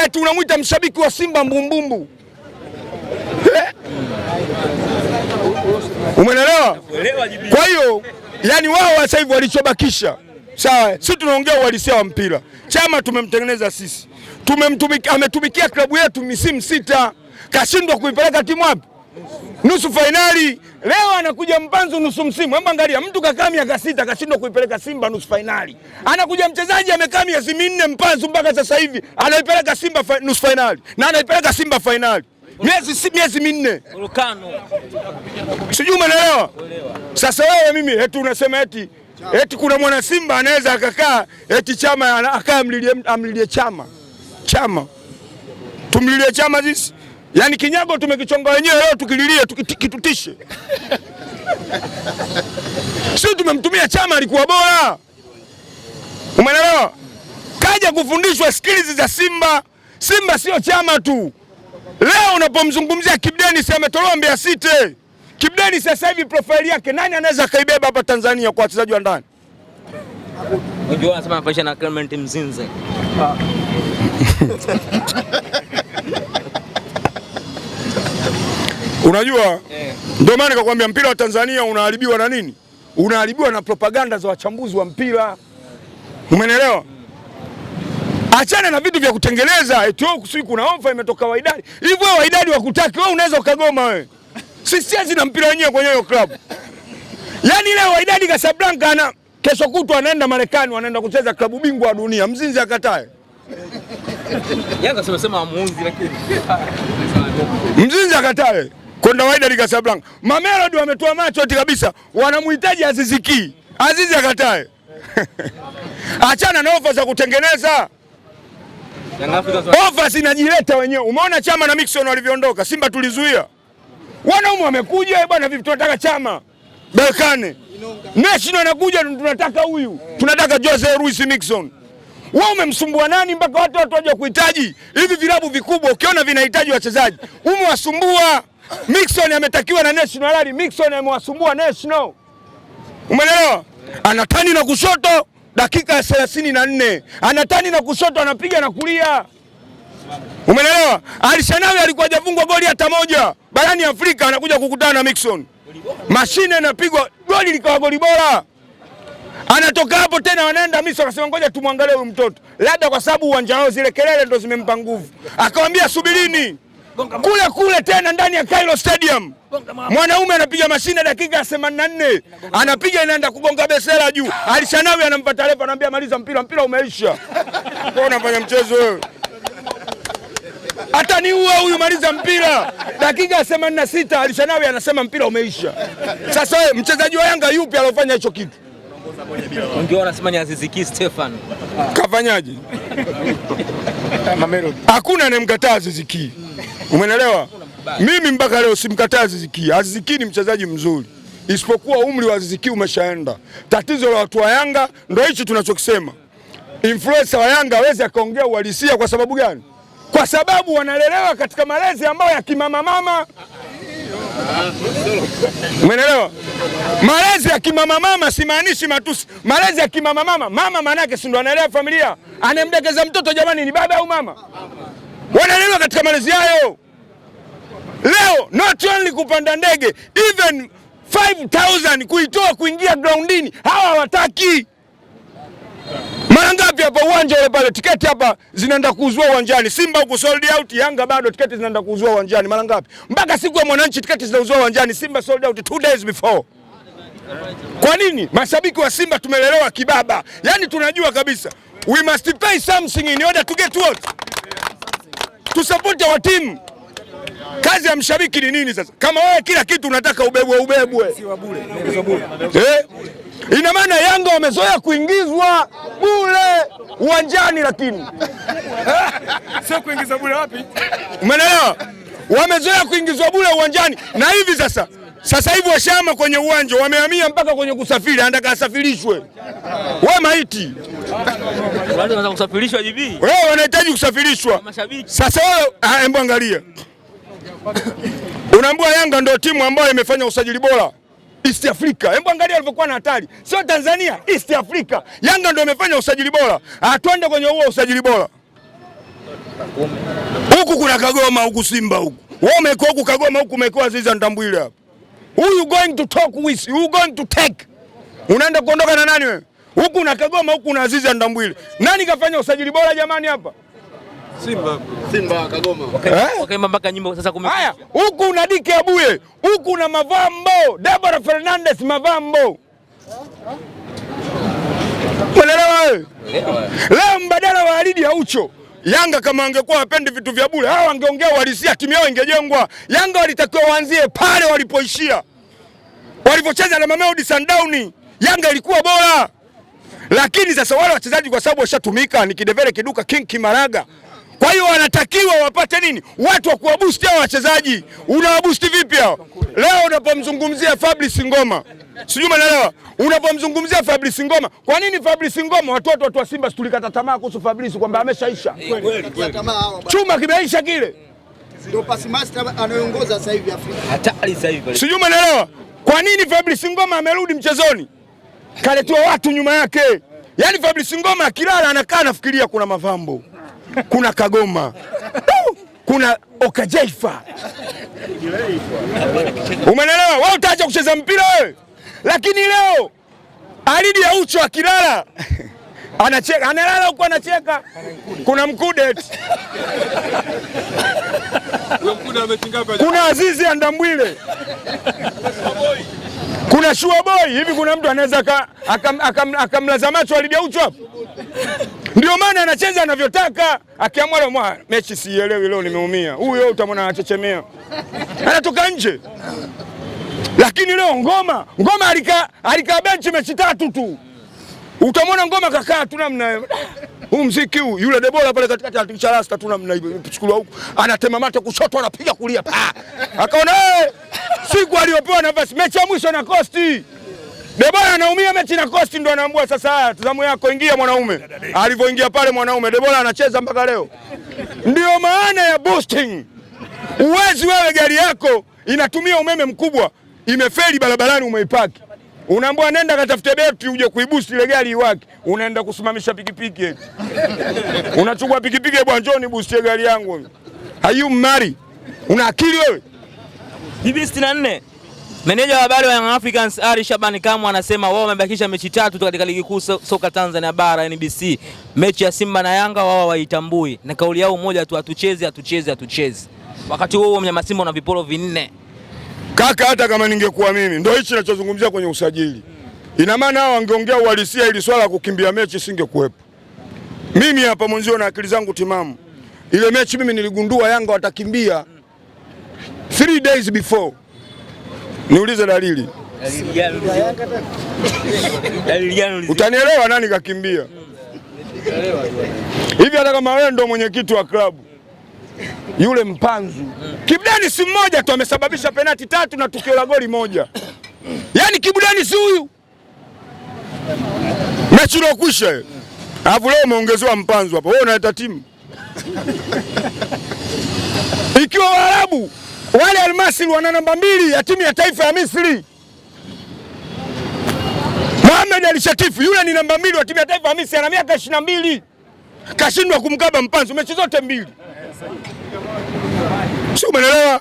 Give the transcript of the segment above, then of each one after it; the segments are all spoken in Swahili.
Ila tu unamwita mshabiki wa Simba mbumbumbu. Umeelewa? Kwa hiyo yani wao sasa hivi walichobakisha sawa, sisi tunaongea uhalisia wa mpira. Chama tumemtengeneza sisi, tumemtumikia, ametumikia klabu yetu misimu sita, kashindwa kuipeleka timu wapi? nusu fainali leo anakuja Mpanzu nusu msimu. Hebu angalia, mtu kakaa miaka sita kashindwa kuipeleka Simba nusu fainali, anakuja mchezaji amekaa miezi minne Mpanzu mpaka sasa hivi anaipeleka Simba nusu fainali na anaipeleka Simba fainali miezi miezi minne, sijui umeelewa? Sasa wewe mimi eti unasema eti eti kuna mwana Simba anaweza akakaa eti chama akaa amlilie, amlilie chama chama tumlilie chama sisi Yaani kinyago tumekichonga wenyewe, leo tukililie tukitutishe. Sio tumemtumia Chama, alikuwa bora. Umeelewa? Kaja kufundishwa skills za Simba. Simba sio Chama tu. Leo unapomzungumzia Kibdeni, si ametolewa Mbeya City. Kibdeni sasa hivi profile yake nani anaweza akaibeba hapa Tanzania kwa wachezaji wa ndani? Unajua anasema anafanisha na Clement Mzinze. Unajua eh. ndio maana nikakwambia mpira wa Tanzania unaharibiwa na nini? Unaharibiwa na propaganda za wachambuzi wa mpira, umenelewa? Mm. Achana na vitu vya kutengeneza eti wewe kusui kuna ofa imetoka Waidadi. Hivi wewe Waidadi wakutaki wewe unaweza ukagoma wewe. Sisi sisi na mpira wenyewe kwenye hiyo club. Yaani leo Waidadi Casablanca ana kesho kutwa anaenda Marekani anaenda kucheza klabu bingwa wa dunia. Mzinzi akatae. Yanga sema sema amuunzi lakini. Mzinzi akatae. Konda Waida ni Casablanca. Mamelodi wametoa macho ati kabisa wanamhitaji Azizi Ki. Azizi akatae. Achana na ofa za kutengeneza. Ofa zinajileta wenyewe. Umeona Chama na Mixon walivyoondoka, Simba tulizuia. Wanaume wamekuja eh, bwana, vipi tunataka Chama. Berkane. National anakuja tunataka huyu. Tunataka Jose Luis Mixon. Wewe umemsumbua nani mpaka watu watu waje kuhitaji? Hivi vilabu vikubwa ukiona vinahitaji wachezaji, umewasumbua. Mixon ametakiwa na national rally. Mixon amewasumbua national, umeelewa? Anatani na kushoto dakika ya thelathini na nne anatani na kushoto, anapiga na kulia, umeelewa? Alishanawi alikuwa hajafungwa goli hata moja barani Afrika, anakuja kukutana na Mixon, mashine inapigwa goli likawa goli bora. Anatoka hapo tena wanaenda Misri, akasema ngoja tumwangalie huyu mtoto, labda kwa sababu uwanja wao zile kelele ndo zimempa nguvu, akamwambia subirini kule kule tena ndani ya Cairo Stadium mwanaume anapiga mashine dakika ya 84 anapiga inaenda kugonga besela juu. Alishanawi anampata refa, anamwambia maliza mpira, mpira umeisha. Kwa unafanya mchezo wewe, hata ni uwe huyu, maliza mpira. Dakika ya 86 Alishanawi anasema mpira umeisha. Sasa wewe mchezaji wa Yanga yupi alofanya hicho kitu? Kafanyaje? Hakuna anemkataa Aziziki. Umenelewa? Mimi mpaka leo simkataa Aziz Aziziki ni mchezaji mzuri, isipokuwa umri wa Aziziki umeshaenda. Tatizo la watu wa Yanga ndo hichi tunachokisema. Influencer wa Yanga awezi akaongea uhalisia. Kwa sababu gani? Kwa sababu wanalelewa katika malezi ambayo ya kimamamama. Umenelewa? Malezi ya kimamamama simaanishi matusi. Malezi ya kimamamama, mama maanake si ndo anaelewa familia, Anemdekeza mtoto jamani ni baba au mama? wanalelewa katika malezi yao. Leo not only kupanda ndege even 5000 kuitoa kuingia groundini hawa hawataki. Mara ngapi hapa uwanja ule pale, tiketi hapa zinaenda kuuzwa uwanjani. Simba huko sold out, Yanga bado tiketi zinaenda kuuzwa uwanjani. Mara ngapi? Mpaka siku ya Mwananchi tiketi zinauzwa uwanjani, Simba sold out two days before. Kwa nini? Mashabiki wa Simba tumelelewa kibaba, yaani tunajua kabisa we must pay something in order to get what tusapote wa timu. Kazi ya mshabiki ni nini sasa? Kama wewe kila kitu unataka ubebwe ubebwe, eh? Ina maana Yanga wamezoea kuingizwa bure uwanjani, lakini sio kuingiza bure wapi? Umeelewa? wamezoea kuingizwa bure uwanjani, na hivi sasa sasa hivi washama kwenye uwanja wamehamia mpaka kwenye kusafiri, anataka asafirishwe. We maiti wewe, wanahitaji kusafirishwa sasa. Wewe ah, embo, angalia, unaambua Yanga ndio timu ambayo imefanya usajili bora East Africa. Hebu angalia alivyokuwa na hatari, sio Tanzania, East Africa. Yanga ndio imefanya usajili bora, atwende ah, kwenye huo usajili bora. Huku kuna Kagoma huku Simba huku. Wewe umekoa huku Kagoma huku umekoa Aziza Ntambwile hapa. Who you going to talk with? Who going to take? Unaenda kuondoka na nani wewe? Huku na Kagoma huku na Aziza Ndambwile. Nani kafanya usajili bora jamani hapa? Simba. Simba Kagoma. Okay. Eh? Okay, Eh? mama mpaka nyimbo sasa kumekuja. Haya, huku na Dike Abuye, huku na Mavambo, Debora Fernandez Mavambo. Mwelewa wewe? Leo mbadala wa Alidi haucho. Yanga kama wangekuwa wapendi vitu vya bure, hawa wangeongea uhalisia, timu yao ingejengwa. Yanga walitakiwa waanzie pale walipoishia, walipocheza na Mamelodi Sundowns, Yanga ilikuwa bora. Lakini sasa wale wachezaji kwa sababu washatumika, nikidevele kiduka King Kimaraga kwa hiyo wanatakiwa wapate nini? Watu wa kuwabusti hao wachezaji. Unawabusti vipi hao? Leo unapomzungumzia Fabrice Ngoma, sijui umeelewa? Unapomzungumzia Fabrice Ngoma, kwa nini Fabrice Ngoma? Watu watu wa Simba tulikata tamaa kuhusu Fabrice kwamba ameshaisha, chuma kimeisha kile, ndio pasi master sasa hivi Afrika, sasa hivi, sijui umeelewa? Kwa nini Fabrice Ngoma amerudi mchezoni? Kaletwa watu nyuma yake, yaani Fabrice Ngoma akilala anakaa anafikiria kuna mavambo kuna Kagoma, kuna Okajaifa, umenelewa? Wewe utaacha kucheza mpira wewe, lakini leo Aridi ya ucho akilala anacheka, analala huko anacheka. Kuna Mkude, kuna Azizi Andambwile, kuna Shua Boy. Hivi kuna mtu anaweza akamlaza macho Alidi ya ucho hapo? Ndio maana anacheza anavyotaka. Akiamua leo mwa mechi sielewi, leo nimeumia, huyo utamwona anachechemea, anatoka nje. Lakini leo ngoma ngoma alika alika benchi mechi tatu tu, utamwona ngoma kakaa tu namna huu mziki huu, yule Debola pale katikati anatisha rasta tu namna shukuru huko, anatema mate kushoto, anapiga kulia, akaona eh, siku aliyopewa nafasi mechi ya mwisho na Costi Debora anaumia mechi na Costi ndo anaambua sasa, haya tazamu yako, ingia mwanaume. Alivyoingia pale mwanaume, Debora anacheza mpaka leo. ndio maana ya boosting. Uwezi wewe, gari yako inatumia umeme mkubwa, imefeli barabarani, umeipaki unaambua nenda katafute beti uje kuibusti ile gari iwake, unaenda kusimamisha pikipiki eti unachukua pikipiki, bwana njoni busie gari yangu. Hayu mari, una akili wewe? hivi 64. Meneja wa habari wa Young Africans Ali Shabani Kamwe anasema wao wamebakisha mechi tatu katika ligi kuu so, soka Tanzania bara NBC. Mechi ya Simba na Yanga wao waitambui, na kauli yao moja tu, hatuchezi hatuchezi hatuchezi. Wakati huo huo mnyama Simba una viporo vinne. Kaka, hata kama ningekuwa mimi, ndio hichi ninachozungumzia kwenye usajili. Ina maana hao wangeongea uhalisia, ili swala kukimbia mechi singekuwepo. Mimi hapa mwanzo na akili zangu timamu, ile mechi mimi niligundua Yanga watakimbia 3 days before niulize dalili. Utanielewa, nani kakimbia hivi? Hata kama wewe ndo mwenyekiti wa klabu yule mpanzu Kibudani si mmoja tu amesababisha penati tatu na tukio la goli moja. Yaani Kibudani si huyu, mechi iliyokwisha. Alafu leo umeongezewa mpanzu hapa, wewe unaleta timu ikiwa Waarabu wale Almasri wana namba mbili ya timu ya taifa ya Misri. Mohamed alishatifu yule ni namba mbili wa timu ya taifa ya Misri, ana miaka ishirini na mbili kashindwa kumkaba mpanzi mechi zote mbili, si umeelewa?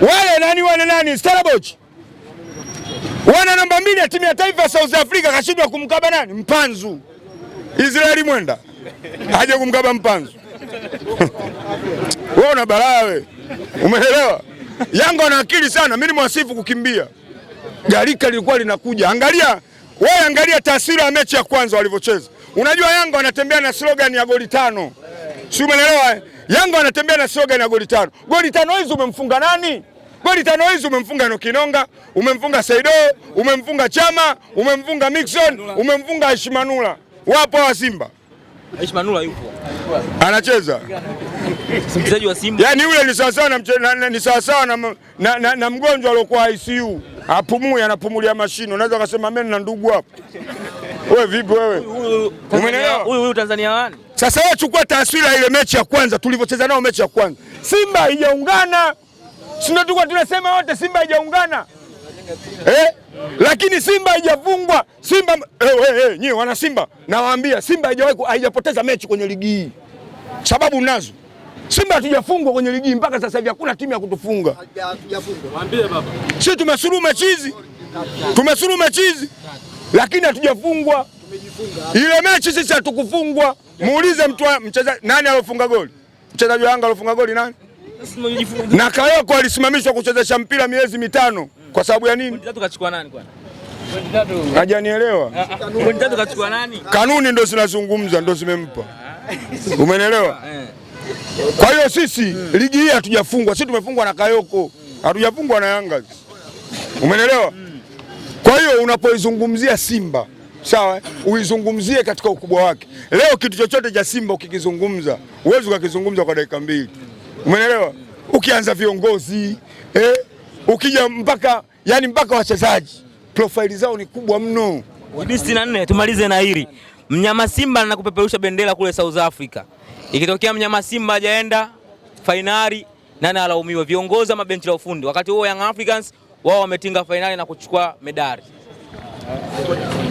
Wale nani wale nani Stellenbosch wana namba mbili ya timu ya taifa ya South Africa kashindwa kumkaba nani mpanzu. Israeli mwenda haja kumkaba mpanzu. Wewe una balaa wewe, umeelewa? Yanga wana akili sana, mimi nimwasifu kukimbia. garika lilikuwa linakuja. Angalia wewe, angalia taswira ya mechi ya kwanza walivyocheza. Unajua Yanga wanatembea na slogan ya goli tano, si umeelewa? Eh? Yanga wanatembea na slogan ya goli tano. Goli tano hizo umemfunga nani? Goli tano hizo umemfunga Nokinonga, umemfunga Saido, umemfunga Chama, umemfunga Mixon, umemfunga Ashimanula. Wapo wa Simba Aishi Manula yupo. Anacheza. Mchezaji wa Simba. Yaani yule ni sawa sawa na ni sawa sawa na, na, na, na mgonjwa aliyokuwa ICU. Apumui anapumulia mashine Unaweza kusema mimi na ndugu hapo. Wewe vipi wewe? Umeelewa? Huyu huyu Tanzania wani? Sasa wewe chukua taswira ile mechi ya kwanza tulivyocheza nao mechi ya kwanza. Simba haijaungana. Si tulikuwa tunasema wote Simba haijaungana. Eh? lakini Simba haijafungwa Simba eh, eh, eh, nyie wana Simba nawaambia, Simba haijawahi haijapoteza mechi kwenye ligi hii, sababu nazo Simba hatujafungwa kwenye ligi mpaka sasa hivi, hakuna timu ya kutufunga sisi. Tumesuru mechi hizi, tumesuru mechi hizi, lakini hatujafungwa. Ile mechi sisi hatukufungwa. Muulize mtu mcheza nani alofunga goli, mchezaji wa Yanga alofunga goli nani? na Kayoko alisimamishwa kuchezesha mpira miezi mitano. Kwa sababu ya nini? Hajanielewa. Ah, ah. Kanuni ndo zinazungumza ndo zimempa, umenielewa? Kwa hiyo sisi ligi hii hatujafungwa, sisi tumefungwa na Kayoko, hatujafungwa na Yanga, umenielewa? Kwa hiyo unapoizungumzia Simba sawa, uizungumzie katika ukubwa wake. Leo kitu chochote cha Simba ukikizungumza huwezi ukakizungumza kwa dakika mbili, umenielewa? Ukianza viongozi eh? ukija mpaka yani mpaka wachezaji profaili zao ni kubwa mno. sitini na nne tumalize na hili mnyama Simba na kupeperusha bendera kule South Africa. Ikitokea mnyama Simba hajaenda fainali, nani alaumiwa? Viongozi ama benchi la ufundi? Wakati huo Young Africans wao wametinga fainali na kuchukua medali.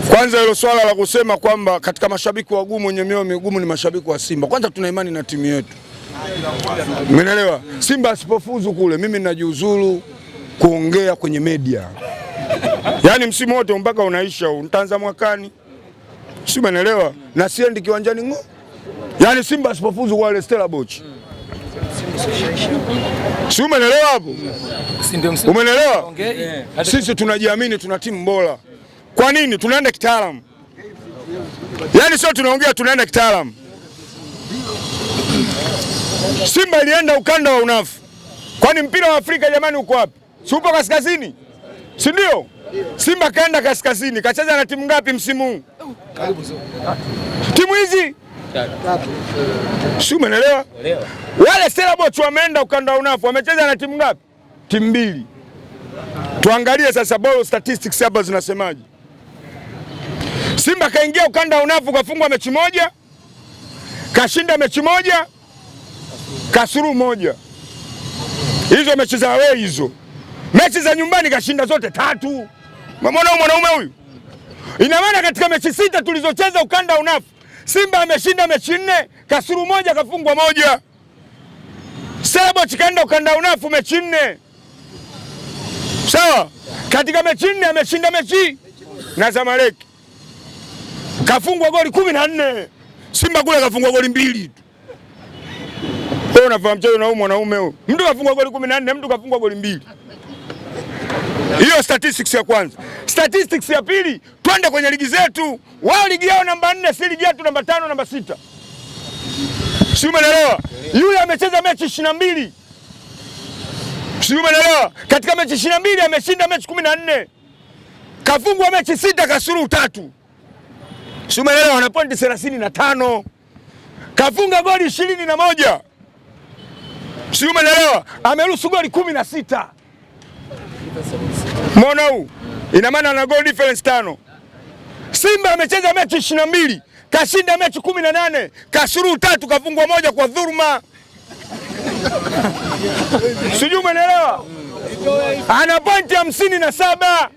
Kwanza hilo swala la kusema kwamba katika mashabiki wagumu wenye mioyo migumu ni mashabiki wa Simba, kwanza tuna imani na timu yetu, mnaelewa. Simba asipofuzu kule, mimi ninajiuzuru kuongea kwenye media yaani msimu wote mpaka unaisha huu, nitaanza mwakani, si umeelewa? Na siendi kiwanjani ng'o, yaani Simba asipofuzu kwa ile Stella Boch, si umeelewa hapo? Umeelewa? Sisi tunajiamini, tuna timu bora. Kwa nini tunaenda kitaalamu? Yaani sio tunaongea, tunaenda kitaalamu. Simba ilienda ukanda wa unafu. Kwani mpira wa Afrika jamani uko wapi? Supo kaskazini, si ndio? Simba kaenda kaskazini, kacheza na timu ngapi msimu huu? Timu hizi si umeelewa? Wale Stellenbosch wameenda ukanda unafu, wamecheza na timu ngapi? Timu mbili. Tuangalie sasa ball statistics hapa zinasemaje. Simba kaingia ukanda unafu, kafungwa mechi moja, kashinda mechi moja, kasuru moja. Hizo mechi za wewe hizo mechi za nyumbani kashinda zote tatu. Mamona mwanaume huyu, ina maana katika mechi sita tulizocheza ukanda unafu, Simba ameshinda mechi nne, kasuru moja, kafungwa moja. Selebochi kaenda ukanda unafu mechi nne, sawa. Katika mechi nne ameshinda mechi na Zamalek kafungwa goli kumi na nne. Simba kule kafungwa goli mbili tu. Wewe unafahamu mchezo na huyu mwanaume huyu, mtu kafungwa goli kumi na nne, mtu kafungwa goli mbili. Hiyo statistics ya kwanza. Statistics ya pili, twende kwenye ligi zetu. Wao ligi yao namba nne, si ligi yetu namba tano, namba sita, si umeelewa? Yule amecheza mechi ishirini na mbili, si umeelewa? Katika mechi ishirini na mbili ameshinda mechi kumi na nne, kafungwa mechi sita, kasuru tatu, si umeelewa? Na pointi thelathini na tano, kafunga goli ishirini na moja, si umeelewa? Ameruhusu goli kumi na sita mwona huu ina maana ana goal difference tano. Simba amecheza mechi ishirini na mbili kashinda mechi kumi na nane kasuru tatu kafungwa moja kwa dhuruma, sijui umeelewa? Ana pointi hamsini na saba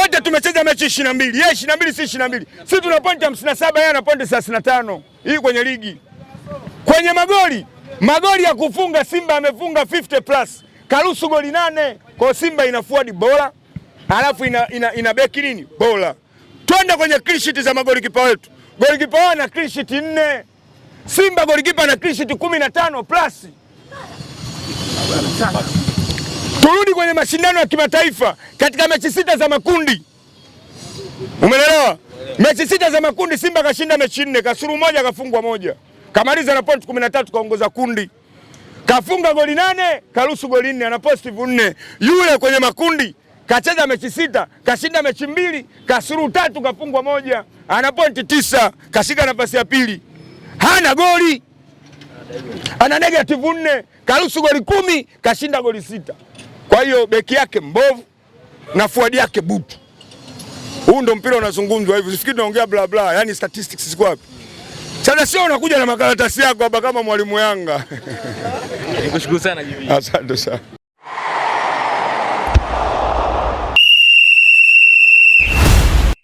wote tumecheza mechi ishirini na mbili yeye ishirini na mbili si ishirini na mbili si tuna pointi hamsini na saba yeye ana pointi thelathini na tano hii kwenye ligi, kwenye magoli magoli ya kufunga Simba amefunga 50 plus karusu goli nane kwa Simba ina forward bora halafu ina, ina, ina beki nini bora. Twende kwenye clean sheet za magoli kipa wetu. Goli kipa wao na clean sheet nne, Simba goli kipa na clean sheet kumi na tano plus. Turudi kwenye mashindano ya kimataifa katika mechi sita za makundi, umeelewa? Mechi sita za makundi Simba kashinda mechi nne, kasuru moja, kafungwa moja, kamaliza na point kumi na tatu, kaongoza kundi kafunga goli nane karusu goli nne ana positive nne. Yule kwenye makundi kacheza mechi sita kashinda mechi mbili kasuru tatu kafungwa moja, ana pointi tisa, kashika nafasi ya pili, hana goli, ana negative nne, karusu goli kumi kashinda goli sita. Kwa hiyo beki yake mbovu na fuadi yake butu. Huu ndo mpira unazungumzwa hivi, sifikiri tunaongea bla bla, yani statistics ziko wapi? Sasa sio unakuja na makaratasi yako hapa kama mwalimu Yanga. Nikushukuru sana Jimmy. Asante sana.